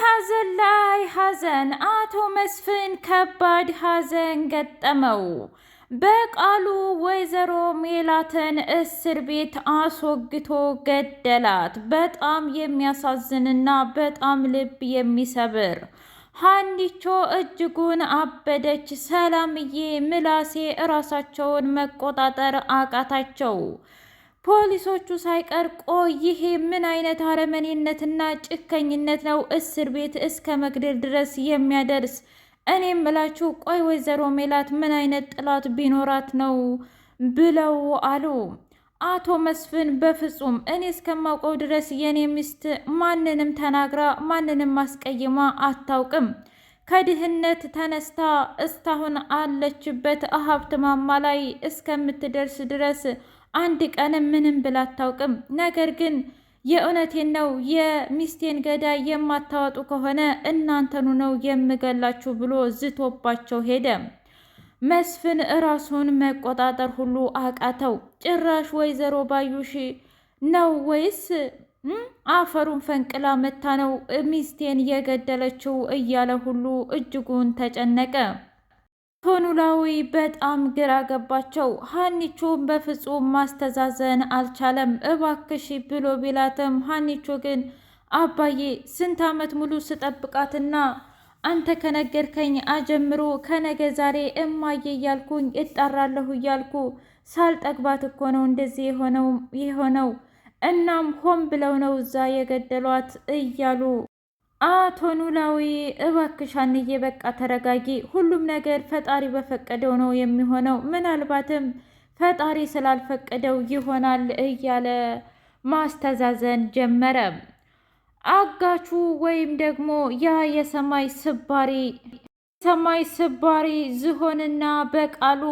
በሐዘን ላይ ሐዘን አቶ መስፍን ከባድ ሐዘን ገጠመው። በቃሉ ወይዘሮ ሜላትን እስር ቤት አስወግቶ ገደላት። በጣም የሚያሳዝንና በጣም ልብ የሚሰብር ሀኒቾ እጅጉን አበደች። ሰላምዬ፣ ምላሴ እራሳቸውን መቆጣጠር አቃታቸው። ፖሊሶቹ ሳይቀር ቆይ ይሄ ምን አይነት አረመኔነትና ጭከኝነት ነው? እስር ቤት እስከ መግደል ድረስ የሚያደርስ እኔም ምላችሁ ቆይ ወይዘሮ ሜላት ምን አይነት ጥላት ቢኖራት ነው ብለው አሉ። አቶ መስፍን በፍጹም እኔ እስከማውቀው ድረስ የኔ ሚስት ማንንም ተናግራ ማንንም ማስቀይማ አታውቅም። ከድህነት ተነስታ እስካሁን አለችበት ሀብት ማማ ላይ እስከምትደርስ ድረስ አንድ ቀን ምንም ብላ አታውቅም። ነገር ግን የእውነቴን ነው የሚስቴን ገዳይ የማታወጡ ከሆነ እናንተኑ ነው የምገላችሁ ብሎ ዝቶባቸው ሄደ። መስፍን እራሱን መቆጣጠር ሁሉ አቃተው። ጭራሽ ወይዘሮ ባዩሽ ነው ወይስ አፈሩን ፈንቅላ መታ ነው ሚስቴን የገደለችው እያለ ሁሉ እጅጉን ተጨነቀ። አቶ ኖላዊ በጣም ግራ ገባቸው። ሀኒቾን በፍጹም ማስተዛዘን አልቻለም። እባክሽ ብሎ ቢላትም ሀኒቾ ግን አባዬ ስንት ዓመት ሙሉ ስጠብቃትና አንተ ከነገርከኝ አጀምሮ ከነገ ዛሬ እማዬ እያልኩኝ እጠራለሁ እያልኩ ሳልጠግባት እኮ ነው እንደዚህ የሆነው እናም ሆን ብለው ነው እዛ የገደሏት እያሉ አቶ ኖላዊ እባክሻን እየበቃ በቃ ተረጋጊ፣ ሁሉም ነገር ፈጣሪ በፈቀደው ነው የሚሆነው። ምናልባትም ፈጣሪ ስላልፈቀደው ይሆናል እያለ ማስተዛዘን ጀመረ። አጋቹ ወይም ደግሞ ያ የሰማይ ስባሪ ሰማይ ስባሪ ዝሆንና በቃሉ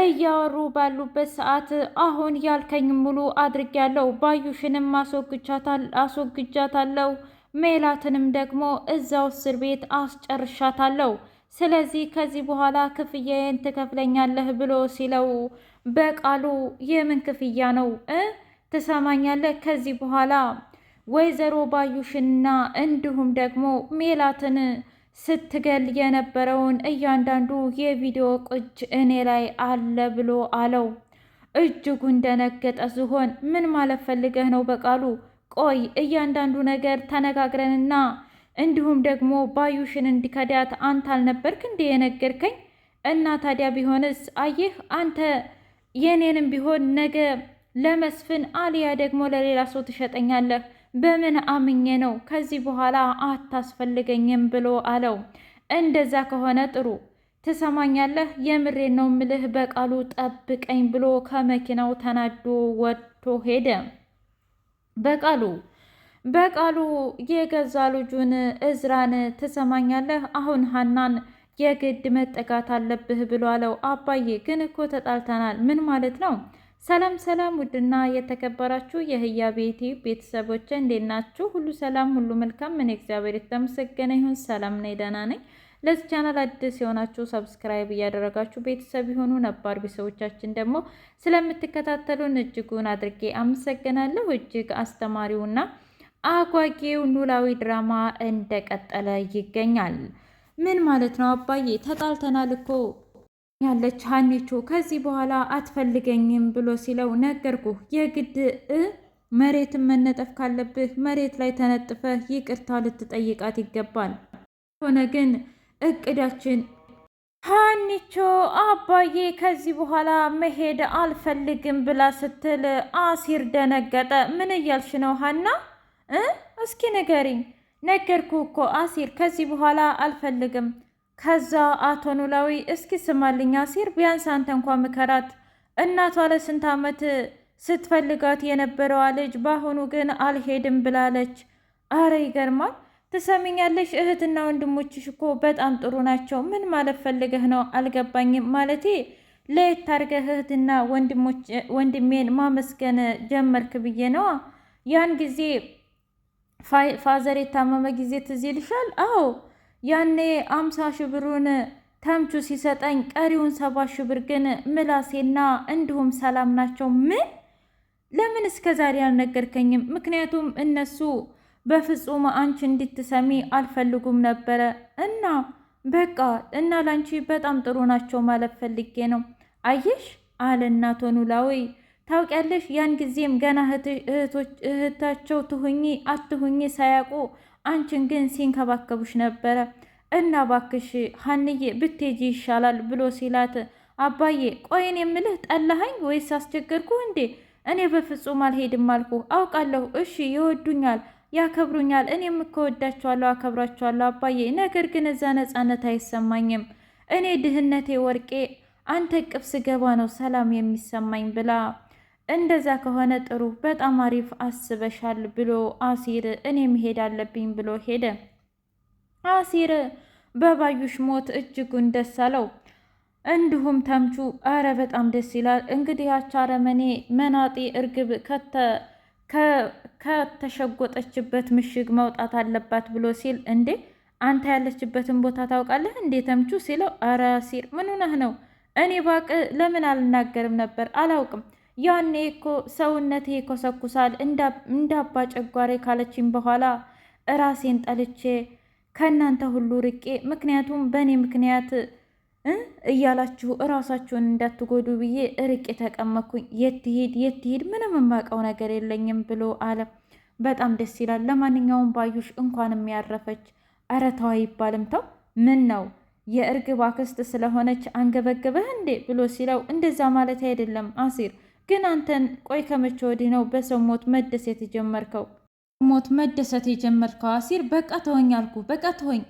እያወሩ ባሉበት ሰዓት አሁን ያልከኝ ሙሉ አድርጊያለሁ። ባዩሽንም አስወግጃታለሁ። ሜላትንም ደግሞ እዛው እስር ቤት አስጨርሻታለሁ። ስለዚህ ከዚህ በኋላ ክፍያዬን ትከፍለኛለህ ብሎ ሲለው በቃሉ የምን ክፍያ ነው እ ትሰማኛለህ ከዚህ በኋላ ወይዘሮ ባዩሽንና እንዲሁም ደግሞ ሜላትን ስትገል የነበረውን እያንዳንዱ የቪዲዮ ቅጅ እኔ ላይ አለ ብሎ አለው። እጅጉን ደነገጠ ሲሆን ምን ማለት ፈልገህ ነው በቃሉ? ቆይ እያንዳንዱ ነገር ተነጋግረንና እንዲሁም ደግሞ ባዩሽን እንዲከዳት አንተ አልነበርክ እንዴ የነገርከኝ? እና ታዲያ ቢሆንስ? አየህ አንተ የኔንም ቢሆን ነገ ለመስፍን አልያ ደግሞ ለሌላ ሰው ትሸጠኛለህ። በምን አምኜ ነው ከዚህ በኋላ አታስፈልገኝም ብሎ አለው። እንደዛ ከሆነ ጥሩ ትሰማኛለህ፣ የምሬ ነው ምልህ፣ በቃሉ ጠብቀኝ ብሎ ከመኪናው ተናዶ ወጥቶ ሄደ። በቃሉ በቃሉ የገዛ ልጁን እዝራን ትሰማኛለህ፣ አሁን ሀናን የግድ መጠጋት አለብህ ብሎ አለው። አባዬ ግን እኮ ተጣልተናል። ምን ማለት ነው? ሰላም ሰላም፣ ውድና የተከበራችሁ የህያ ቤቴ ቤተሰቦች እንዴት ናችሁ? ሁሉ ሰላም፣ ሁሉ መልካም። ምን እግዚአብሔር የተመሰገነ ይሁን። ሰላም ነኝ፣ ደህና ነኝ። ለዚህ ቻናል አዲስ የሆናችሁ ሰብስክራይብ እያደረጋችሁ ቤተሰብ የሆኑ ነባር ቤተሰቦቻችን ደግሞ ስለምትከታተሉን እጅጉን አድርጌ አመሰግናለሁ። እጅግ አስተማሪውና አጓጊው ኖላዊ ድራማ እንደቀጠለ ይገኛል። ምን ማለት ነው አባዬ? ተጣልተናል እኮ ያለች ሀኒቾ ከዚህ በኋላ አትፈልገኝም ብሎ ሲለው ነገርኩህ የግድ እ መሬትን መነጠፍ ካለብህ መሬት ላይ ተነጥፈህ ይቅርታ ልትጠይቃት ይገባል። ሆነ ግን እቅዳችን ሀኒቾ አባዬ ከዚህ በኋላ መሄድ አልፈልግም ብላ ስትል አሲር ደነገጠ። ምን እያልሽ ነው ሀና? እስኪ ንገሪኝ። ነገርኩ እኮ አሲር ከዚህ በኋላ አልፈልግም ከዛ አቶ ኖላዊ እስኪ ስማልኛ ሲር ቢያንስ አንተ እንኳ ምከራት። እናቷ ለስንት ዓመት ስትፈልጋት የነበረዋ ልጅ በአሁኑ ግን አልሄድም ብላለች። አረ ይገርማል። ትሰሚኛለሽ፣ እህትና ወንድሞችሽ እኮ በጣም ጥሩ ናቸው። ምን ማለት ፈልገህ ነው? አልገባኝም። ማለቴ ለየት ታርገህ እህትና ወንድሜን ማመስገን ጀመርክ ብዬ ነዋ። ያን ጊዜ ፋዘር የታመመ ጊዜ ትዝ ይልሻል? አዎ ያኔ አምሳ ሺህ ብሩን ተምቹ ሲሰጠኝ ቀሪውን ሰባ ሺህ ብር ግን ምላሴና እንዲሁም ሰላም ናቸው። ምን ለምን እስከ ዛሬ አልነገርከኝም? ምክንያቱም እነሱ በፍጹም አንቺ እንድትሰሚ አልፈልጉም ነበረ እና በቃ እና ላንቺ በጣም ጥሩ ናቸው ማለት ፈልጌ ነው። አየሽ አለና ኖላዊ ታውቂያለሽ፣ ያን ጊዜም ገና እህታቸው ትሁኚ አትሁኚ ሳያውቁ አንቺን ግን ሲንከባከቡሽ ነበረ እና ባክሽ ሀንዬ ብትሄጂ ይሻላል ብሎ ሲላት፣ አባዬ ቆይን የምልህ ጠላኸኝ ወይስ አስቸገርኩ እንዴ? እኔ በፍጹም አልሄድም አልኩ። አውቃለሁ እሺ፣ ይወዱኛል፣ ያከብሩኛል፣ እኔም እከወዳቸዋለሁ፣ አከብራቸዋለሁ አባዬ። ነገር ግን እዛ ነፃነት አይሰማኝም። እኔ ድህነቴ ወርቄ አንተ እቅፍ ስገባ ነው ሰላም የሚሰማኝ ብላ እንደዛ ከሆነ ጥሩ በጣም አሪፍ አስበሻል ብሎ አሲር እኔ መሄድ አለብኝ ብሎ ሄደ። አሲር በባዩሽ ሞት እጅጉን ደስ አለው። እንዲሁም ተምቹ አረ በጣም ደስ ይላል። እንግዲህ ያች አረመኔ መናጢ እርግብ ከተሸጎጠችበት ምሽግ መውጣት አለባት ብሎ ሲል እንዴ አንተ ያለችበትን ቦታ ታውቃለህ እንዴ ተምቹ ሲለው አረ አሲር ምን ሆነህ ነው? እኔ ባቅ ለምን አልናገርም ነበር አላውቅም ያኔ እኮ ሰውነቴ ይኮሰኩሳል እንዳባ ጨጓሬ ካለችኝ በኋላ እራሴን ጠልቼ ከእናንተ ሁሉ ርቄ፣ ምክንያቱም በእኔ ምክንያት እያላችሁ እራሳችሁን እንዳትጎዱ ብዬ ርቄ ተቀመኩኝ። የትሄድ ሂድ የት ምንም የማውቀው ነገር የለኝም ብሎ አለ። በጣም ደስ ይላል። ለማንኛውም ባዩሽ እንኳንም ያረፈች። ኧረ ተው አይባልም። ተው ምን ነው የእርግብ አክስት ስለሆነች አንገበገበህ እንዴ ብሎ ሲለው እንደዛ ማለት አይደለም አሲር ግን አንተን ቆይ ከመቼ ወዲህ ነው በሰው ሞት መደሰት የጀመርከው? ሞት መደሰት የጀመርከው አሲር በቃ ተወኝ አልኩ። በቃ ተወኝ።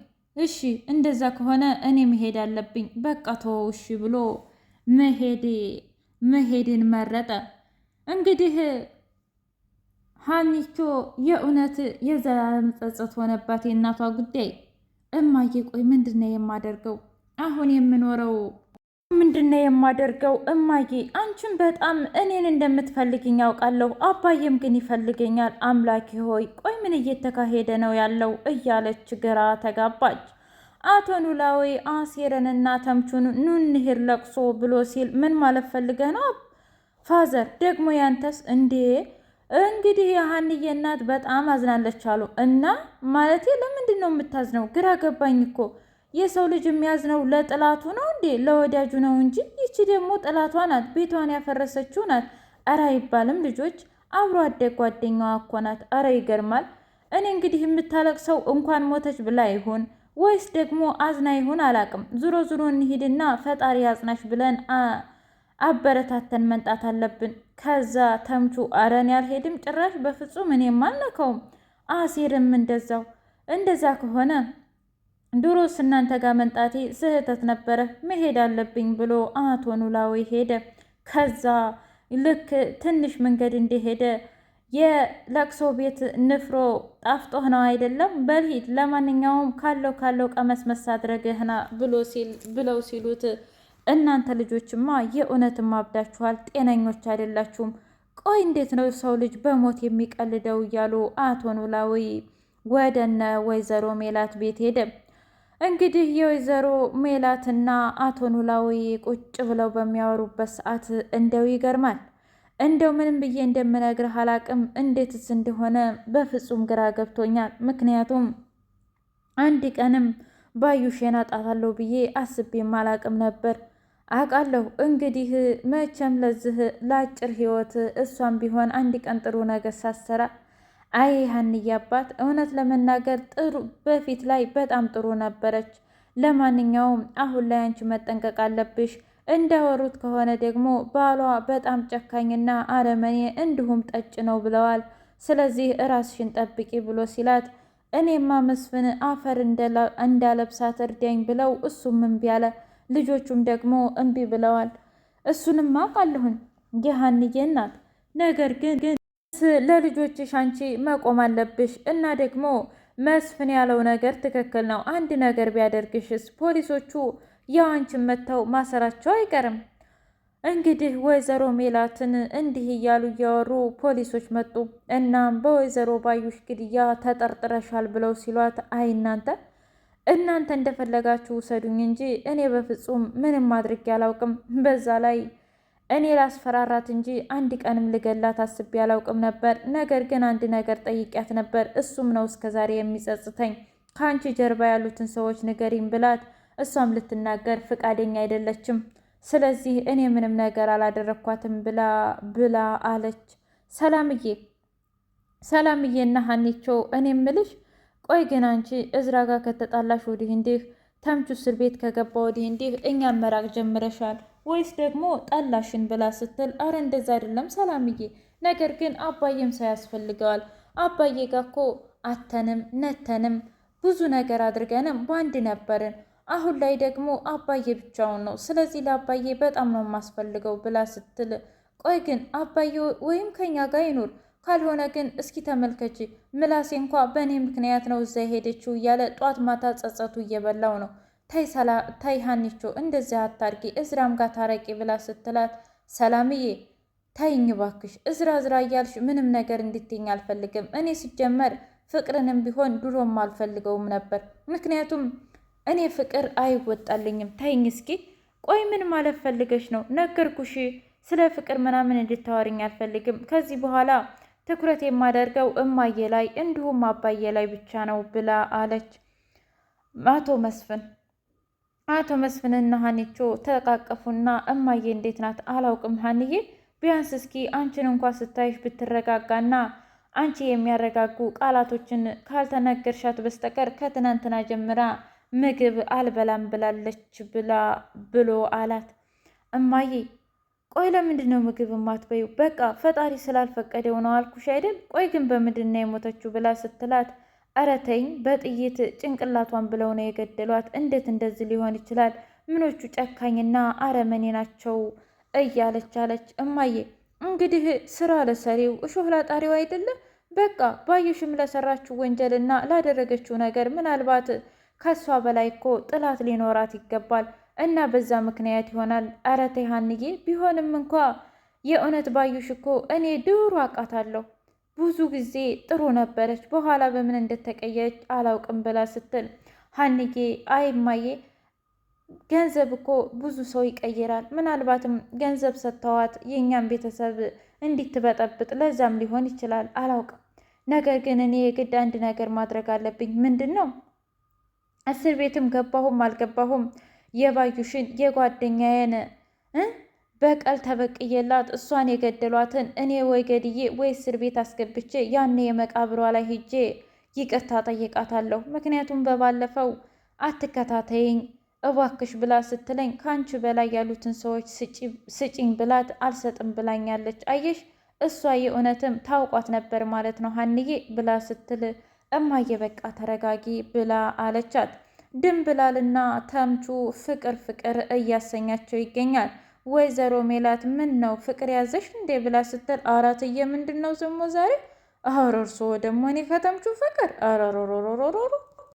እሺ እንደዛ ከሆነ እኔ መሄድ አለብኝ። በቃ ተወው እሺ ብሎ መሄድ መሄድን መረጠ። እንግዲህ ሀኒቾ የእውነት የዘላለም ጸጸት ሆነባት የእናቷ ጉዳይ። እማዬ ቆይ ምንድን ነው የማደርገው አሁን የምኖረው ምንድነው የማደርገው? እማዬ አንቺም በጣም እኔን እንደምትፈልግኝ ያውቃለሁ። አባዬም ግን ይፈልገኛል። አምላኬ ሆይ ቆይ ምን እየተካሄደ ነው ያለው? እያለች ግራ ተጋባች። አቶ ኖላዊ አሴርንና ተምቹን ኑ እንሂድ ለቅሶ ብሎ ሲል ምን ማለት ፈልገ ነው ፋዘር? ደግሞ ያንተስ? እንዴ እንግዲህ የሀንዬ እናት በጣም አዝናለች አሉ እና ማለቴ ለምንድን ነው የምታዝነው? ግራ ገባኝ እኮ የሰው ልጅ የሚያዝነው ለጥላቱ ነው እንዴ? ለወዳጁ ነው እንጂ። ይቺ ደግሞ ጥላቷ ናት፣ ቤቷን ያፈረሰችው ናት። እረ አይባልም ልጆች፣ አብሮ አደግ ጓደኛዋ እኮ ናት። እረ ይገርማል። እኔ እንግዲህ የምታለቅሰው እንኳን ሞተች ብላ ይሁን ወይስ ደግሞ አዝና ይሁን አላቅም። ዙሮ ዙሮ እንሂድና ፈጣሪ አጽናሽ ብለን አበረታተን መንጣት አለብን። ከዛ ተምቹ አረን ያልሄድም ጭራሽ በፍጹም እኔም አልነካውም። አሴርም እንደዛው። እንደዛ ከሆነ ድሮስ እናንተ ጋር መንጣቴ ስህተት ነበረ መሄድ አለብኝ ብሎ አቶ ኖላዊ ሄደ። ከዛ ልክ ትንሽ መንገድ እንደሄደ የለቅሶ ቤት ንፍሮ ጣፍጦህ ነው አይደለም? በልሂድ ለማንኛውም ካለው ካለው ቀመስ መሳድረግህና ብለው ሲሉት እናንተ ልጆችማ የእውነት አብዳችኋል፣ ጤነኞች አይደላችሁም። ቆይ እንዴት ነው ሰው ልጅ በሞት የሚቀልደው? እያሉ አቶ ኖላዊ ወደነ ወይዘሮ ሜላት ቤት ሄደ። እንግዲህ የወይዘሮ ሜላትና አቶ ኖላዊ ቁጭ ብለው በሚያወሩበት ሰዓት እንደው ይገርማል። እንደው ምንም ብዬ እንደምነግርህ አላቅም፣ እንዴትስ እንደሆነ በፍጹም ግራ ገብቶኛል። ምክንያቱም አንድ ቀንም ባዩሽን አጣታለሁ ብዬ አስቤም አላቅም ነበር። አውቃለሁ እንግዲህ መቼም ለዚህ ለአጭር ህይወት እሷም ቢሆን አንድ ቀን ጥሩ ነገር ሳሰራ አይ ሀንዬ አባት እውነት ለመናገር ጥሩ በፊት ላይ በጣም ጥሩ ነበረች። ለማንኛውም አሁን ላይ አንቺ መጠንቀቅ አለብሽ። እንዳወሩት ከሆነ ደግሞ ባሏ በጣም ጨካኝና አረመኔ እንዲሁም ጠጭ ነው ብለዋል። ስለዚህ እራስሽን ጠብቂ ብሎ ሲላት እኔማ መስፍን አፈር እንዳለብሳት እርዳኝ ብለው እሱም እምቢ አለ። ልጆቹም ደግሞ እምቢ ብለዋል። እሱንም አውቃለሁኝ የሀንዬ እናት ነገር ግን ለልጆችሽ አንቺ መቆም አለብሽ። እና ደግሞ መስፍን ያለው ነገር ትክክል ነው። አንድ ነገር ቢያደርግሽስ ፖሊሶቹ ያው አንቺን መጥተው ማሰራቸው አይቀርም። እንግዲህ ወይዘሮ ሜላትን እንዲህ እያሉ እያወሩ ፖሊሶች መጡ። እናም በወይዘሮ ባዩሽ ግድያ ተጠርጥረሻል ብለው ሲሏት፣ አይ እናንተ እናንተ እንደፈለጋችሁ ውሰዱኝ እንጂ እኔ በፍጹም ምንም ማድረግ አላውቅም። በዛ ላይ እኔ ላስፈራራት እንጂ አንድ ቀንም ልገላት አስቤ አላውቅም ነበር። ነገር ግን አንድ ነገር ጠይቂያት ነበር፣ እሱም ነው እስከ ዛሬ የሚጸጽተኝ። ከአንቺ ጀርባ ያሉትን ሰዎች ንገሪም ብላት፣ እሷም ልትናገር ፍቃደኛ አይደለችም። ስለዚህ እኔ ምንም ነገር አላደረኳትም ብላ ብላ አለች። ሰላምዬ ሰላምዬና ሀኒቾ እኔ ምልሽ ቆይ ግን አንቺ እዝራ ጋር ከተጣላሽ ወዲህ እንዲህ ተምቹ እስር ቤት ከገባ ወዲህ እንዲህ እኛም መራቅ ጀምረሻል ወይስ ደግሞ ጠላሽን ብላ ስትል አረ እንደዛ አይደለም ሰላምዬ፣ ነገር ግን አባዬም ሰው ያስፈልገዋል። አባዬ ጋር እኮ አተንም ነተንም ብዙ ነገር አድርገንም በአንድ ነበርን። አሁን ላይ ደግሞ አባዬ ብቻውን ነው። ስለዚህ ለአባዬ በጣም ነው የማስፈልገው ብላ ስትል ቆይ ግን አባዬ ወይም ከኛ ጋር ይኑር ካልሆነ ግን እስኪ ተመልከች ምላሴ እንኳ በእኔ ምክንያት ነው እዛ ሄደችው እያለ ጧት ማታ ጸጸቱ እየበላው ነው። ተይ ሀኒቾ እንደዚያ አታርጊ እዝራም ጋር ታረቂ ብላ ስትላት ሰላምዬ ተይኝ ባክሽ እዝራ እዝራ እያልሽ ምንም ነገር እንድትኝ አልፈልግም። እኔ ሲጀመር ፍቅርንም ቢሆን ድሮም አልፈልገውም ነበር። ምክንያቱም እኔ ፍቅር አይወጣልኝም። ተይኝ እስኪ። ቆይ ምን ማለት ፈልገሽ ነው? ነገርኩሽ፣ ስለ ፍቅር ምናምን እንድታወርኝ አልፈልግም። ከዚህ በኋላ ትኩረት የማደርገው እማዬ ላይ እንዲሁም አባዬ ላይ ብቻ ነው ብላ አለች አቶ መስፍን አቶ መስፍንና ሀኒቾ ተቃቀፉና እማዬ እንዴት ናት አላውቅም፣ ሀንዬ ቢያንስ እስኪ አንቺን እንኳ ስታይሽ ብትረጋጋና አንቺ የሚያረጋጉ ቃላቶችን ካልተነገርሻት በስተቀር ከትናንትና ጀምራ ምግብ አልበላም ብላለች ብላ ብሎ አላት። እማዬ ቆይ ለምንድን ነው ምግብ የማትበይው? በቃ ፈጣሪ ስላልፈቀደው ነው አልኩሽ አይደል? ቆይ ግን በምንድን ነው የሞተችው ብላ ስትላት እረተኝ በጥይት ጭንቅላቷን ብለው ነው የገደሏት። እንዴት እንደዚህ ሊሆን ይችላል? ምኖቹ ጨካኝና አረመኔ ናቸው? እያለች አለች። እማዬ እንግዲህ ስራ ለሰሪው እሾህ ላጣሪው አይደለም። በቃ ባዩሽም ለሰራችው ወንጀልና ላደረገችው ነገር ምናልባት ከሷ በላይ እኮ ጥላት ሊኖራት ይገባል እና በዛ ምክንያት ይሆናል። እረ ሀንዬ፣ ቢሆንም እንኳ የእውነት ባዩሽ እኮ እኔ ድሩ አውቃታለሁ ብዙ ጊዜ ጥሩ ነበረች፣ በኋላ በምን እንደተቀየረች አላውቅም ብላ ስትል ሀንዬ አይማዬ ገንዘብ እኮ ብዙ ሰው ይቀይራል። ምናልባትም ገንዘብ ሰጥተዋት የእኛም ቤተሰብ እንዲትበጠብጥ ለዛም ሊሆን ይችላል፣ አላውቅም። ነገር ግን እኔ የግድ አንድ ነገር ማድረግ አለብኝ። ምንድን ነው? እስር ቤትም ገባሁም አልገባሁም የባዩሽን የጓደኛዬን በቀል ተበቅዬላት እሷን የገደሏትን እኔ ወይ ገድዬ ወይ እስር ቤት አስገብቼ ያኔ የመቃብሯ ላይ ሂጄ ይቅርታ ጠይቃታለሁ። ምክንያቱም በባለፈው አትከታተይኝ እባክሽ ብላ ስትለኝ ከአንቺ በላይ ያሉትን ሰዎች ስጪኝ ብላት አልሰጥም ብላኛለች። አየሽ እሷ የእውነትም ታውቋት ነበር ማለት ነው ሀንዬ ብላ ስትል እማዬ በቃ ተረጋጊ ብላ አለቻት። ድም ብላልና ተምቹ ፍቅር ፍቅር እያሰኛቸው ይገኛል። ወይዘሮ ሜላት ምን ነው ፍቅር ያዘሽ እንዴ ብላ ስትል፣ አራትዬ ምንድን ነው ዝሞ ዛሬ አሮርሶ ደግሞ እኔ ከተምቹ ፍቅር አረሮሮሮሮሮ